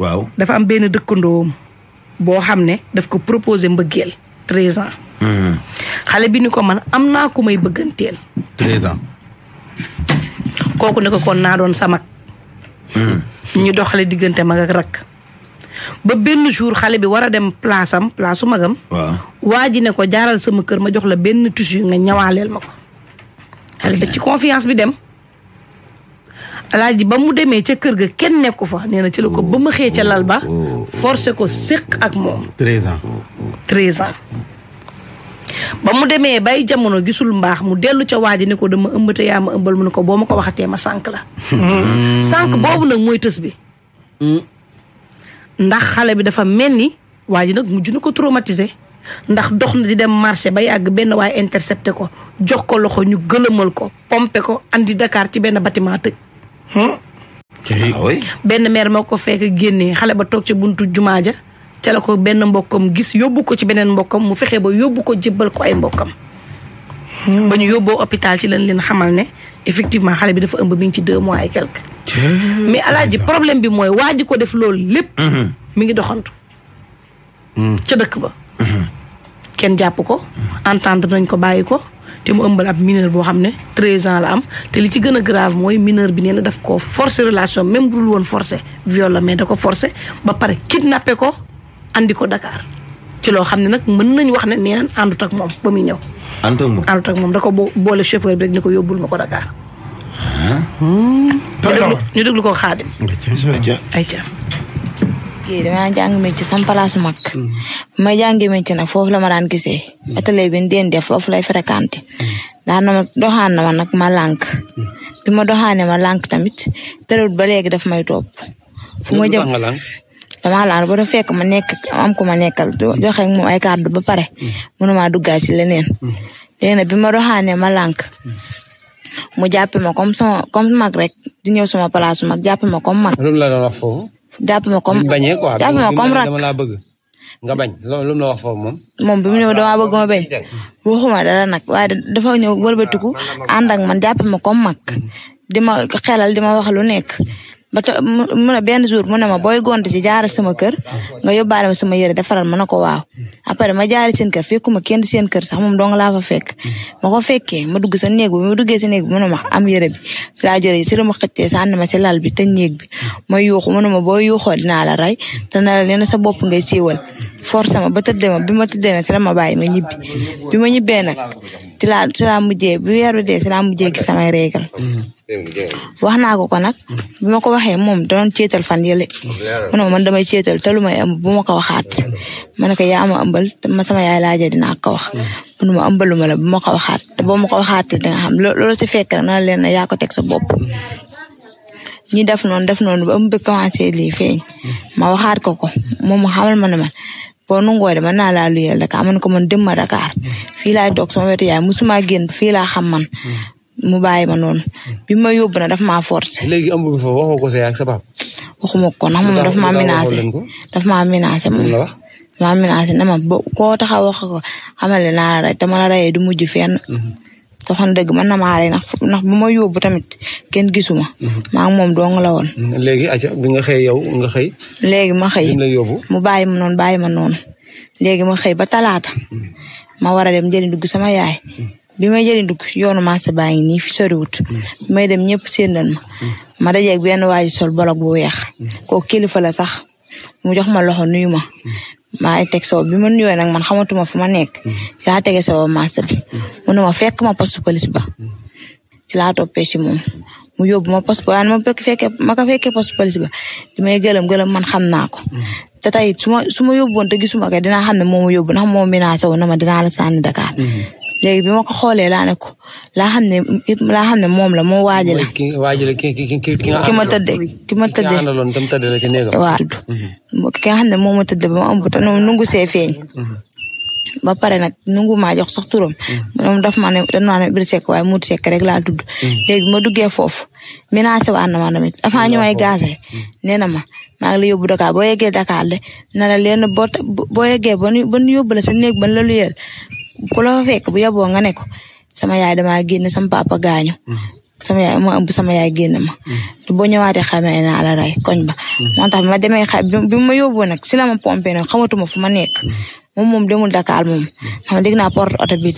waaw dafa am benn dëkkandoom boo xam ne daf ko proposé mbëggeel treize ans hmm. xale bi ni ko man am naa ku may bëgganteel treize ans kooku ne kon naa doon samag mag hmm. ñu doxale diggante mag ak rakk ba benn jour xale bi war a dem place am place su magam waa ji ne ko jaaral sama kër ma jox la benn tissu nga ñawaaleel ma ko xale bi ci confiance bi dem alaaji ba mu demee ca kër ga kenn nekku fa nee na ci la ko ba ma xëyee ca lal ba oh, oh, oh. forcé ko séq ak moom. 13 ans. 13 ba mu demee bay jamono gisul mbaax mu dellu ca waa ji ne ko dama ëmb te yaa ma ëmbal mu ne ko boo ma ko waxatee ma sànq la. sànq boobu nag mooy tës bi. Hmm. ndax xale bi dafa mel ni waa ji nag mujj na ko traumatisé. ndax dox na di dem marché ba yàgg benn waaye intercepté ko jox ko loxo ñu gëlëmal ko pompe ko indi dakaar ci benn bâtiment tëj. Hmm? Ah benn meer moo ko fekk génnee xale ba toog ca buntu jumaa ja ca la ko benn mbokkam gis yóbbu ko ci beneen mbokkam mu fexe ba yóbbu ko jébbal ko ay mbokkam. Hmm. ba ñu yóbboo hôpital ci lañ leen xamal ne effectivement xale bi dafa ëmb mi ngi ci deux mois et quelque. mais alaaji problème bi mooy waa ji ko def loolu lépp. Hmm. mi ngi doxantu. ca dëkk ba. kenn jàpp ko. entendre nañ ko bàyyi ko. te mu ëmbal ab mineur boo xam ne 13 ans la am te li ci gën a grave mooy mineur bi nee na daf ko force relation même bu dul woon forcer viol la da ko forcer ba pare kidnappé ko andi ko Dakar ci loo xam ne nag mën nañu wax ne nee naan àndut ak moom ba muy ñëw. àndut ak moom moom da ko boole chauffeur bi rek ni ko yóbbul ma ko Dakar. Ah. Hmm. ñu deglu ko xaadim. ayca jàngee damaa jàng métier sama place mag. Mm-hmm. ma jàngee métier nag foofu la ma daan gisee. Mm-hmm. atelier bi ñu deen def foofu lay fréquenté. Mm-hmm. daan na ma doxaan na ma ma lànk. bi ma ma lànk tamit terewul ba léegi daf may topp. fu ma jëm damaa laan ba fekk ma nekk am ko ma nekkal joxe ak moom ay kàddu ba pare. mënuma duggaat ci leneen. léegi nag bi ma doxaanee mu jàppee ma comme sama comme mag rek di ñëw sama place mag jàppee ma comme mag. loolu la wax foofu. jàpp ma comme bañee quoi jàpp ma comme rak dama laa bëgg nga bañ loolu lu mu la wax foofu moom. moom bi mu ñëw dama bëgg ma bañ waxuma dara nag waaye dafa ñëw wëlbatiku ah, ànd ak man jàpp ma comme mag mm-hmm. di ma xelal di ma wax ba te mu ne benn jour mu ne ma booy gont ci jaaral sama kër nga yóbbaale ma sama yére defaral ma na ko waaw après ma jaari seen kër fekkuma kenn seen kër sax moom dong laa fa fekk ma ko fekkee ma dugg sa néeg bi ma duggee sa néeg bi mu ma am yére bi si laa jëre si la ma xëccee sànni ma si lal bi te néeg bi ma yuuxu mu ne ma boo yuuxoo dinaa la rey te na la nee na sa bopp ngay siiwal force ma ba tëddee ma bi ma tëddee nag si la ma bàyyi ma ñibbi bi ma ñibbee nag ci laa ci mu mujjee bi weer bi dee si laa mujjee gi samay réegal wax naa ko ko nag bi ma ko waxee moom doon ceetal fan yële ma man damay ceetal te lu may ëmb bu ma ko waxaat ma ne ko yaa ma ëmbal ma sama yaay laajee dinaa ko wax mu ne ma ëmbalu ma la bu ma ko waxaat te boo ma ko waxaatee danga xam loolu si fekk rek na leen ne yaa ko teg sa bopp ñi def noonu def noonu ba ëmb bi commencé lii feeñ ma waxaat ko ko moom mu xamal ma ne man boo nangoo de mën naa laa luyeel Dakar man ko man dem ma Dakar fii laay toog sama wetu yaay musuma fii laa xam mu bàyyi ma noonu hmm. bi ma yóbbu na daf ma forcé. léegi am bëgg fa waxoo ko sa yaak sa papa. waxuma ko ndax moom daf maa menacé daf maa menacé moom. maa menacé ne ma bo koo tax a wax ko xamale naa la rey te ma la reyee du mujj fenn. Hmm. te xam dëgg man na maa rey ndax ndax ma yóbbu tamit kenn gisuma hmm. maa moom dong la woon. léegi bi nga xëy yow nga xëy. léegi ma xëy mu bàyyi ma noonu bàyyi ma noonu. léegi ma xëy ba talaata. ma war a dem jëli dugg sama yaay. bi may jëli dugg yoonu marché baa ngi nii fi soriwut bi hmm. may dem ñëpp séen nañ ma hmm. ma dajeeg benn waaji sol bolog bu weex hmm. ko kilifa la sax mu jox ma loxo nuyu ma maa ngi teg saw bi ma nuyoo nag man xamatuma fu ma nekk ci laa tege saw marché bi mu ma fekk ma poste police ba ci laa toppee si moom mu yóbbu ma poste waaye ma fekkee ma ko fekkee poste police ba di may gëlëm gëlëm man xam naa ko te tey su ma su ma yóbbuwoon te gisuma ko dinaa xam ne moo ma yóbbu ndax moo menacé woon na ma dinaa la sànni Dakar léegi bi ma ko xoolee laa ne ko laa xam ne laa xam ne moom la moo waaji la. ki waaji la ki ki ki ki ma tëddee. ki ma tëddee waaw. Mhm. ki nga xam ne moom ma tëddee ba ma am bu te nu ngu see feeñ. Mhm. ba pare nag nungu maa jox sax turam. Mhm. moom daf ma ne dañ maa ne Idrissa Seck waaye Modou Seck rek laa tudd. léegi ma duggee foofu. menacé waat na ma tamit avant ñu nee na ma maa ngi la yóbbu Dakar boo yeggee Dakar de na la leen boo boo yeggee ba yóbbu la sa néeg ba la lu ku la fa fekk bu yaboo nga ne ko sama yaay dama génn sama papa gaañu. Mm-hmm. sama yaay ma ëmb sama yaay génn ma. Mm-hmm. boo ñëwaatee xamee naa la ray koñ ba. Mm-hmm. moo tax ma demee xa bi ma yóbboo nag si la ma pompé nag xamatuma fu ma nekk. moom moom demul Dakar moom xam nga dégg naa porte oto bi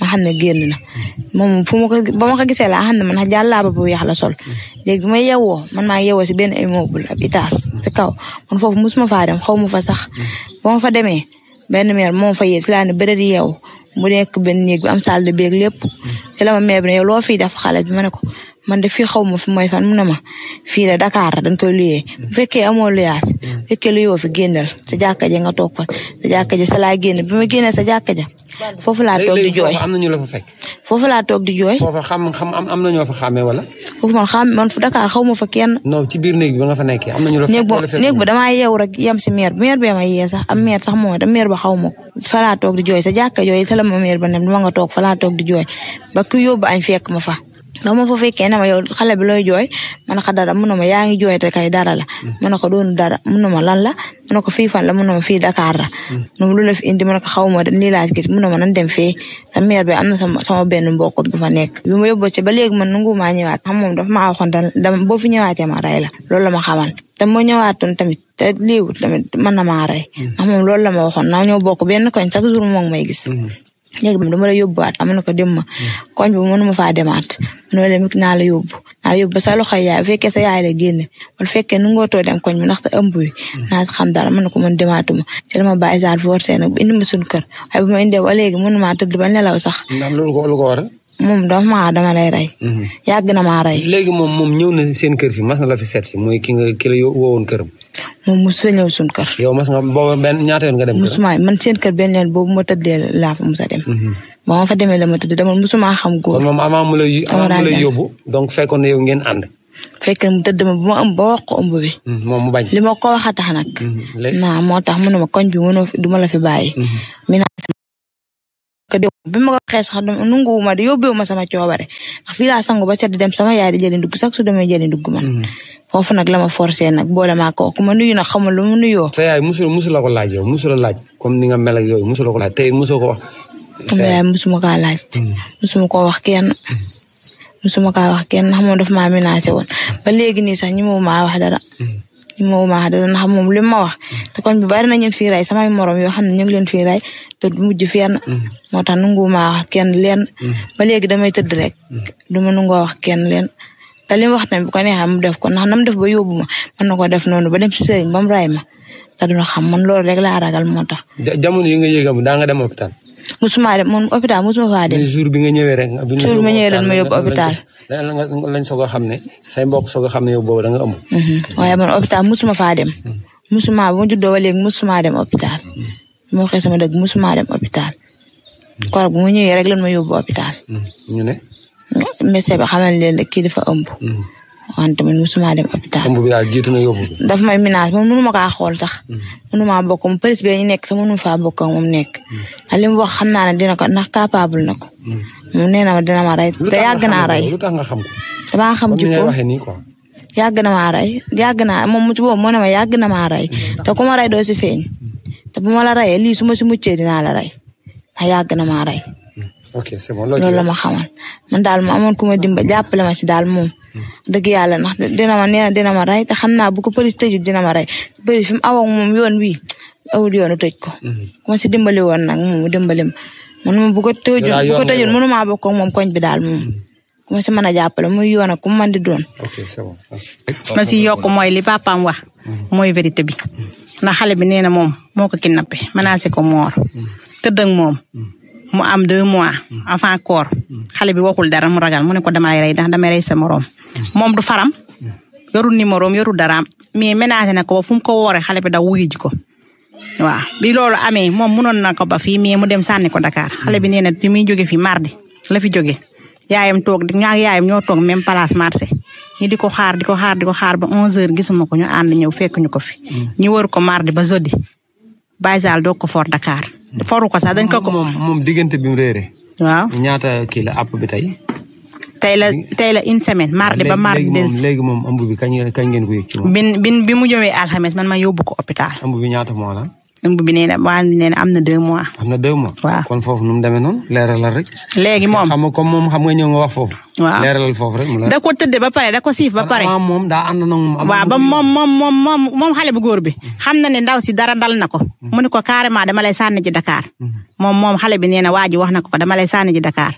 ma xam ne génn na moom fu ma ko ba ma ko gisee la xam ma man jàllaaba bu weex la sol léegi ma yewoo man maa yewoo si benn immeuble ab itaas si kaw man mosuma faa xaw ma fa sax ba fa demee. benn meer moom fa yee si laa ne bëreet yeew mu nekk benn néeg bi am salle beeg lépp mm. ci ma meer bi ne yow loo fiy def xale bi ma ne ko man de fii xaw ma fi mooy fan mu ne ma fii la Dakar dañ koy luyee mm. bu fekkee amoo luyaas mm. bu fekkee luyoo fi génnal sa jàkka ja nga toog fa sa jàkka ja sa laa génn bi ma sa jàkka ja foofu laa toog di jooy am na ñu la fa fekk. foofu laa toog di jooy. foofa xam xam am na ñoo wala. foofu Dakar xaw ma fa kenn. non biir néeg ba nga fa nekkee am na ñu la fa. nekk néeg ba damaa yeew rek yem si ma yee sax am meer sax moom itam meer ba xaw ma toog di jooy sa jàkka jooy sa la ba ne dama toog fa toog di jooy ba ku yóbbu añ fekk ma fa. ba ma fa fekkee ne ma yo xale bi looy jooy ma ne ko dara mun ma yaa ngi jooy te kay dara la. Mm. ma ne ko doon dara mun ma lan la ma ne ko fii fan la mun ma fii Dakar la. ñoom mm. lu la fi indi ma ne ko ma nii laa gis mun na ma nan dem fee te mère bi am na sama sama benn mbokk bu fa nekk. bi ma yóbboo ci ba léegi man nangu maa ñëwaat xam moom dafa maa waxoon dama boo fi ñëwaatee ma rey la la ma xamal te ma ñëwaatoon tamit te lii wut tamit mën na maa rey. Mm. ndax moom loolu la ma waxoon naa ñoo bokk benn koñ chaque moom may gis. léegi moom dama la yóbbuwaat am na ko dem ma mm. koñ bi mënuma faa demaat man ma dem naa la yóbbu naa la yóbbu ba sa loxo yaay bu fekkee sa yaay la génne man fekkee nu too dem koñ bi ndaxte ëmb bi mm. naa xam dara mën na ko mën demaatuma ci dama bàyyi saar forcé nag indi ma suñu kër waaye bu ma indee ba léegi mënumaa tëdd ba nelaw sax. ndax loolu ko mom dama ma dama lay ray mhm. yag na ma ray léegi mom mom ñew na seen kër fi mas na la fi seet si mooy ki nga ki la woon këram. mom mosut a ñëw suñu kër. yow mas nga bo ben ñaata yon nga dem. mosuma man seen kër benn yoon boobu ma tëddee la fa musa dem. mo mhm. fa demee la ma tëdd dama mosuma xam goor mom ama mu lay ama mu lay yobbu donc fekkoon na yow ngeen and fekk mu tëdd ma bu ma ëmb ba wax ko umbu bi. mom mhm, mu bañ li ma ko wax a tax nag. léegi naa tax mu ne ma koñ bi mënoo du ma la fi bàyyi. que démb bi ma ko waxee sax nanguwuma de yóbbeewu ma sama coobare ndax fii laa sangu ba set dem sama yaay di jëli ndugg sax su demee jëli ndugg man. Mm-hmm. foofu nag la ma forcé nag boole maa ko ku ma nuyu nag xamul lu mu nuyoo. sa yaay musul musul la ko laaj yow musul la laaj comme ni nga mel yooyu musul la ko laaj tey musul ko wax. sama yaay musuma kaa laaj. Mm-hmm. musuma koo wax kenn. Mm-hmm. musuma kaa wax kenn xamoon daf maa menacé woon ba léegi nii sax ñu ma wax dara. li ma ma da doon moom li ma wax te koñ bi bari na ñun fii rey samay morom yoo xam ne ñu ngi leen fii rey te du mujj fenn mm. moo tax nangu maa wax kenn leen mm. ba léegi damay tëdd rek mm. du ma nangoo wax kenn leen te li mu wax tamit bu ko xam mu def ko ndax nam def ba yóbbu ma na ko def noonu ba dem si sëriñ ba mu ray ma te duna xam man loolu rek laa ragal moo tax jamono yi nga yëgam musuma dem man hôpital musuma faa dem. jour bi nga ñëwee rek. jour ma ñëwee rek ma yóbbu hôpital. lañ soog a xam ne say bok soog a xam ne yow boobu da nga am. Mhm. waaye ma hôpital musuma faa dem. musuma bu ma juddoo ba léegi musuma dem hôpital. bu ma waxee sama dëgg musuma dem hôpital. kor bu ma ñëwee rek lan ma yóbbu hôpital. Mhm. ñu ne. monsieur bi xamal leen ne kii dafa ëmb. Mhm. wante man musuma dem hôpital. ëmb bi daal jiitu na yóbbu. daf may menace man mënuma kaa xool sax. mënuma ma moom presse bee ñu nekk sax mënuma faa bokk ak moom nekk. ndax li mu wax xam naa ne dina ko ndax capable na ko. moom nee na ma dina ma rey te yàgg naa rey. lu tax nga xam ko damaa xam yàgg na maa rey yàgg moom mu ci boobu moo ne yàgg na maa te ku ma rey doo si feeñ te bu ma la reyee lii su ma si muccee dinaa la rey ndax yàgg na maa ok c'est bon loolu la ma xamal man daal ma amoon ku ma dimba jàppale ma si daal moom. yàlla ndax dina ma nee dina ma rey te xam naa bu ko përi tëjul dina ma rey përi fi mu awoon moom wi awul yoonu tëj ko. Mhm. ku ma si dimbali woon nag moom mu dimbali ma man ma bu ko tëjul bu ko tëjul mënu maa bokk ak bi daal moom. Mhm. mën jàppale muy yoon ak ku mu mën di ok c'est bon. ma si yokk li papaam wax. Mhm. mooy vérité bi. ndax na moom moo ko kidnappé menacé ko moor. tëdd ak mu am deux mois avant koor xale bi wokkul dara mu ragal mu ne ko damay rey ndax damay rey sa moroom moom du faram yorul numéro am yorul daraam mais ménagé na ko ba fu mu ko woore xale bi daw wuyu ji ko waaw bi loolu amee moom munoon na ko ba fii mais mu dem sànni ko Dakar xale bi nee na bi muy jóge fii mardi la fi jóge yaayam toog di ñaag yaayam ñoo toog même palace marché ñi di ko xaar di ko xaar di ko xaar ba 11h gisuma ko ñu ànd ñëw fekk ñu ko fi. ñu wër ko mardi ba jeudi Baye Sall doog ko for Dakar. foru ko sax dañ ko ko. moom moom diggante bi mu réeré. ñaata kii la app bi tey. tey la tey la une semaine mardi ba mardi. léegi léegi moom ëmb bi kañ ngeen kañ ngeen ko yëg ci moom. bin bi mu ñëwee alxames man ma yóbbu ko hôpital. ëmb bi ñaata moo la. ëmb bi nee na waan na am na deux am na deux mois. waaw kon foofu nu mu demee noonu leeralal rek. léegi moom xam nga comme moom xam nga ñëw nga wax foofu. waaw leeralal foofu rek mu la. da ko tëddee ba pare da ko siif ba pare. moom daa ànd na moom. waaw ba moom moom moom moom moom xale bu góor bi. Mm-hmm. xam na ne ndaw si dara dal na ko. Mm-hmm. mu ne ko carrément dama lay sànni ji dakaar mm-hmm. moom moom xale bi nee na waa ji wax na ko dama lay sànni ji Dakar.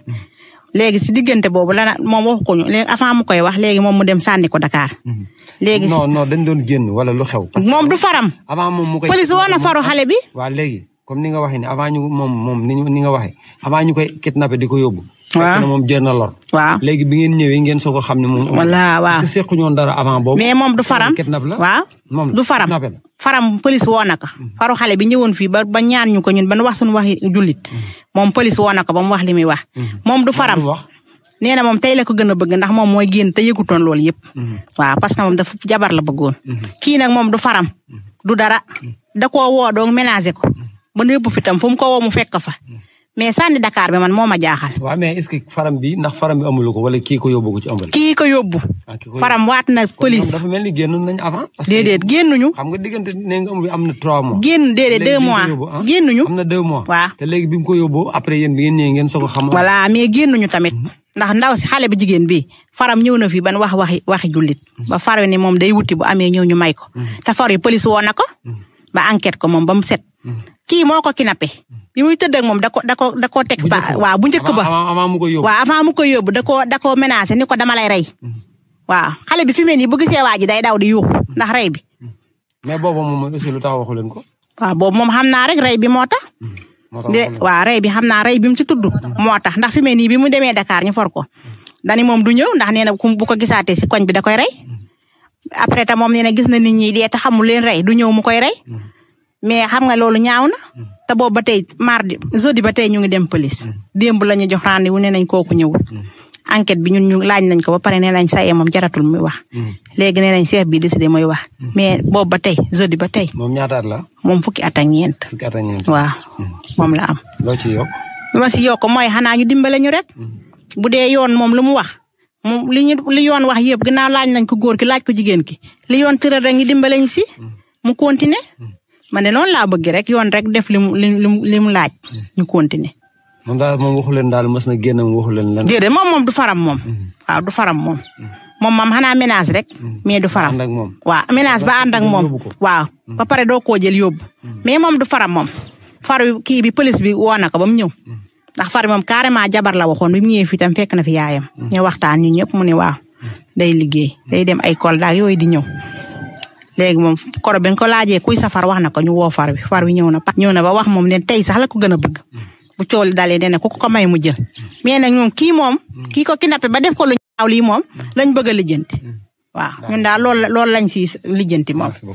léegi si diggante boobu la moom waxu ko ñu avant mu koy wax léegi moom mu dem sànni ko Dakar. Mm-hmm. léegi non non dañ doon génn wala lu xew. moom du faram. avant moom mu koy police woon faru xale bi. waa léegi comme ni nga waxee ni avant ñu moom moom ni ni nga waxee avant ñu koy kidnappé di ko yóbbu. waaw moom jër na lor. léegi bi ngeen ñëwee ngeen soog ko xam ne moom. voilà waaw parce que sequ ñoon dara avant boobu. mais moom du faram. kidnap la waaw moom du faram. faram pëlis woo na ko mm. faru xale bi ñëwoon fii ba ba ñaan ñu ko ñun ba nu wax suñu waxi jullit mm. moom pëlis woo na ko ba wax li muy wax mm. moom du faram nee na moom tey la ko gën a bëgg ndax moom mooy génn te yëgutoon loolu yëpp waaw parce que moom dafa jabar la bëggoon kii nag moom du faram du dara da koo woo doon ménagé ko ba nu yëpp fi tam ko woo mu fekk fa mais sànni Dakar bi man moo ma jaaxal. waaw mais est-ce que faram bi ndax faram bi amul ko wala kii ko yóbbu ko ci ambal. Ah, kii ko yóbbu. faram waat na police. dafa mel ni génnoon nañu avant. parce que nga diggante mois. génn ah? te léegi bi mu ko yóbbu après yéen bi ngeen ñëwee ngeen soog a xam. voilà mais génnuñu tamit. Mhm. ndax ndaw si xale bu jigéen bi faram ñëw na fi ban wax waxi waxi jullit. Mhm. ba faru ni moom day wuti bu amee ñëw ñu may ko. Mhm. te faru yi police woo ko. ba enquête ko moom ba mu set. kii moo ko ki kidnappé bi muy tëdd moom da ko da ko da koo teg ba waaw bu njëkk ba avant koy yóbbu waaw avant mu koy yóbbu da koo da koo menacé ni ko dama lay rey mm-hmm. waaw xale bi fi mu nii bu gisee waa ji day daw di yuux mm-hmm. ndax rey bi. Mm-hmm. mais boobu moom mooy aussi lu tax waxu leen ko. waaw moom xam naa rek rey bi moo tax. waaw rey bi xam naa rey bi mu ci tudd. moo tax ndax fi mu nii bi mu demee Dakar ñu for ko. dani moom du ñëw ndax nee na bu ko gisaatee si koñ bi da koy rey. après te moom nee na gis na nit ñi dee te xamul leen rey du ñëw mu koy rey. mais xam nga loolu ñaaw na. te boobu ba tey mardi jeudi ba tey ñu ngi dem police mm. démb la ñu jox rendez-vous ne nañ kooku mm. enquête bi ñun ñu laaj nañ ko ba pare nee nañ saa moom jaratul muy wax. Mm. léegi nee nañ chef bi décidé muy wax. mais boobu ba tey jeudi ba tey. moom ñaata at la. moom fukki at ak ñeent. fukki at ak ñeent waaw moom la am. loo ci yokk. li ma si yokk mooy xanaa ñu dimbale ñu rek. bu dee yoon moom lu mu wax. moom li ñu li yoon wax yëpp ginnaaw laaj nañ ko góor ki laaj ko jigéen ki li yoon tëral rek ñu dimbale si. mu continuer. ma ne noonu laa bëgg rek yoon rek def li mu li mu li mu laaj. ñu continuer. moom daal moom waxu leen daal mës na génn moom waxu leen lan. déedéet moom moom du faram moom. Mm-hmm. waaw du faram moom. moom moom xanaa ménage rek. Mm-hmm. mais du faram waa ménage ba ànd ak moom. waaw ba pare doo koo jël yóbbu. Mm-hmm. mais moom du faram moom. far kii bi police bi woo na ko ba mu ñëw. ndax far moom carrément jabar la waxoon bi mu ñëwee fii tam fekk na fi yaayam. ñu waxtaan ñu ñëpp mu ne waa day liggéey day dem ay Kolda yooyu di ñëw. léegi moom koro ben ko laajee kuy safar wax na ko ñu woo far bi far bi ñëw na ñëw na ba wax moom ne tey sax la ko gën a bëgg bu coow li dalee nee ku ko may mu jël mais nag ki moom kii ko ki kidnappé ba def ko lu ñaaw lii moom lañ bëgg a lijjanti mm. waaw ñun daal loolu loolu lañ si lijjanti moom